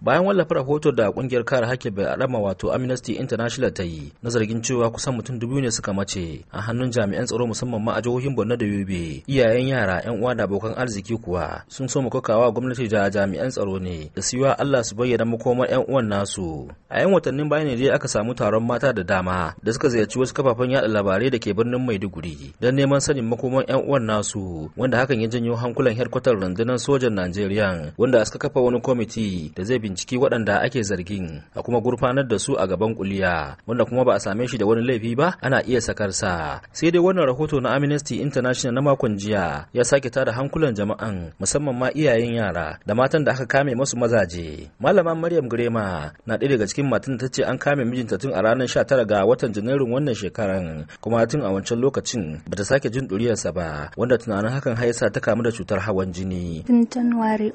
bayan wallafa rahoto da kungiyar kare hakkin bai adama wato amnesty international ta yi na zargin cewa kusan mutum dubu ne suka mace a hannun jami'an tsaro musamman ma a jihohin borno da yobe iyayen yara yan uwa da abokan arziki kuwa sun so mu makakawa gwamnati da jami'an tsaro ne da siwa allah su bayyana makomar yan uwan nasu a yan watannin bayan ne dai aka samu taron mata da dama da suka ziyarci wasu kafafen yada labarai da ke birnin maiduguri don neman sanin makoman yan uwan nasu wanda hakan ya janyo hankulan hedkwatar rundunar sojan najeriya wanda suka kafa wani kwamiti da zai binciki waɗanda ake zargin a kuma gurfanar da su a gaban kuliya wanda kuma ba a same shi da wani laifi ba ana iya sakar sa sai dai wannan rahoto na amnesty international na makon jiya ya sake tada hankulan jama'an musamman ma iyayen yara da matan da aka kame masu mazaje malama maryam grema na ɗaya daga cikin matan da ta ce an kame mijinta tun a ranar 19 ga watan janairun wannan shekaran kuma tun a wancan lokacin bata sake jin ɗuriyarsa ba wanda tunanin hakan haisa ta kamu da cutar hawan jini 19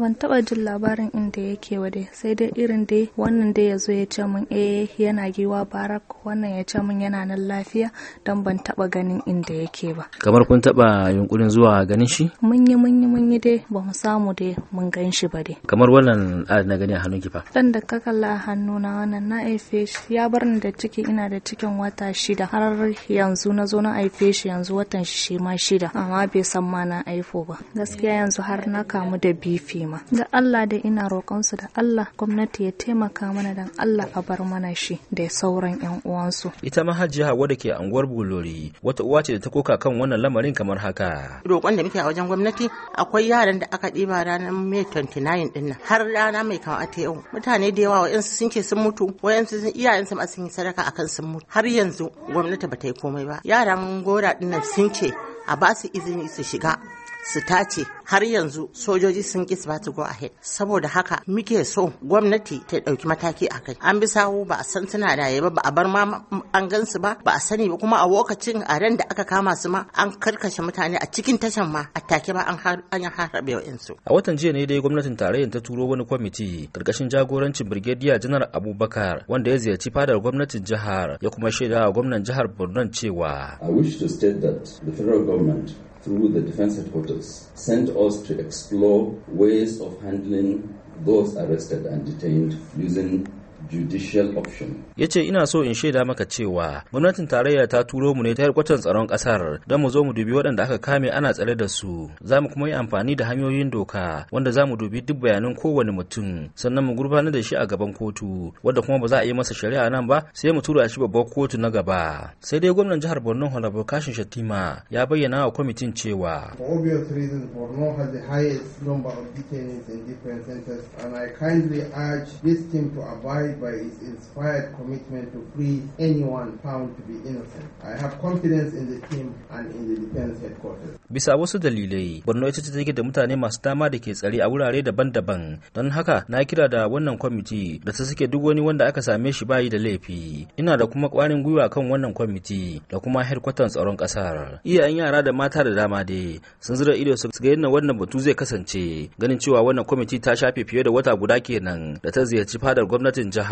ban taɓa jin labarin inda da yake wa dai sai dai irin dai wannan dai ya zo ya ce mun eh yana giwa barak wannan ya ce mun yana nan lafiya don ban taba ganin inda yake ba kamar kun taba yunkurin zuwa ganin shi mun yi mun yi mun yi dai ba mu samu dai mun gan shi ba dai kamar wannan al'ada na gani a hannun ki fa dan da ka kalla a hannu na wannan na aife shi ya bar ni da ciki ina da cikin wata shida har yanzu na zo na aife shi yanzu watan shi ma shida amma bai san ma na aifo ba gaskiya yanzu har na kamu da bifi ma ga Allah da ina roƙon tsakaninsu da Allah gwamnati ya taimaka mana dan Allah a bar mana shi da sauran yan uwansu ita ma Hawa da ke anguwar Bulori wata uwa ce da ta koka kan wannan lamarin kamar haka roƙon da muke a wajen gwamnati akwai yaran da aka ɗiba ranar May 29 din nan har rana mai kama a yau mutane da yawa wayansu sun ce sun mutu wayansu sun iyayensu ma sun yi sadaka akan sun mutu har yanzu gwamnati ba ta yi komai ba yaran gora dinnan nan sun ce a ba su izini su shiga su tace har yanzu sojoji sun ki su go ahead saboda haka muke so gwamnati ta ɗauki mataki a kai an bi sawu ba a san suna da ba a bar ma an gan su ba ba a sani ba kuma a lokacin a ran da aka kama su ma an karkashe mutane a cikin tashan ma a take ba an an wa wa'insu. a watan jiya ne dai gwamnatin tarayyar ta turo wani kwamiti karkashin jagorancin birgediya general abubakar wanda ya ziyarci fadar gwamnatin jihar ya kuma shaida wa gwamnan jihar borno cewa i wish to state that the federal government through the defense headquarters, sent us to explore ways of handling those arrested and detained using judicial option. Ya ce ina so in shaida maka cewa gwamnatin tarayya ta turo mu ne ta harkwatan tsaron kasar don mu zo mu dubi waɗanda aka kame ana tsare da su. Za mu kuma yi amfani da hanyoyin doka wanda za mu dubi duk bayanan kowane mutum sannan mu gurfanar da shi a gaban kotu wadda kuma ba za a yi masa shari'a nan ba sai mu tura shi babbar kotu na gaba. Sai dai gwamnan jihar Borno Honorable Kashin Shatima ya bayyana wa kwamitin cewa. For obvious reasons, Borno has the highest number of detainees in different centers and I kindly urge this team to abide by his inspired commitment to free anyone found to be innocent. I have confidence in the team and in the defense headquarters. Bisa wasu dalilai, Borno ita ce ta da mutane masu dama da ke tsare a wurare daban-daban. Don haka na kira da wannan kwamiti da ta suke duk wani wanda aka same shi bayi da laifi. Ina da kuma kwarin gwiwa kan wannan kwamiti da kuma headquarters tsaron kasar. Iyayen yara da mata da dama dai sun zira ido su ga yadda wannan batu zai kasance. Ganin cewa wannan kwamiti ta shafe fiye da wata guda kenan da ta ziyarci fadar gwamnatin jihar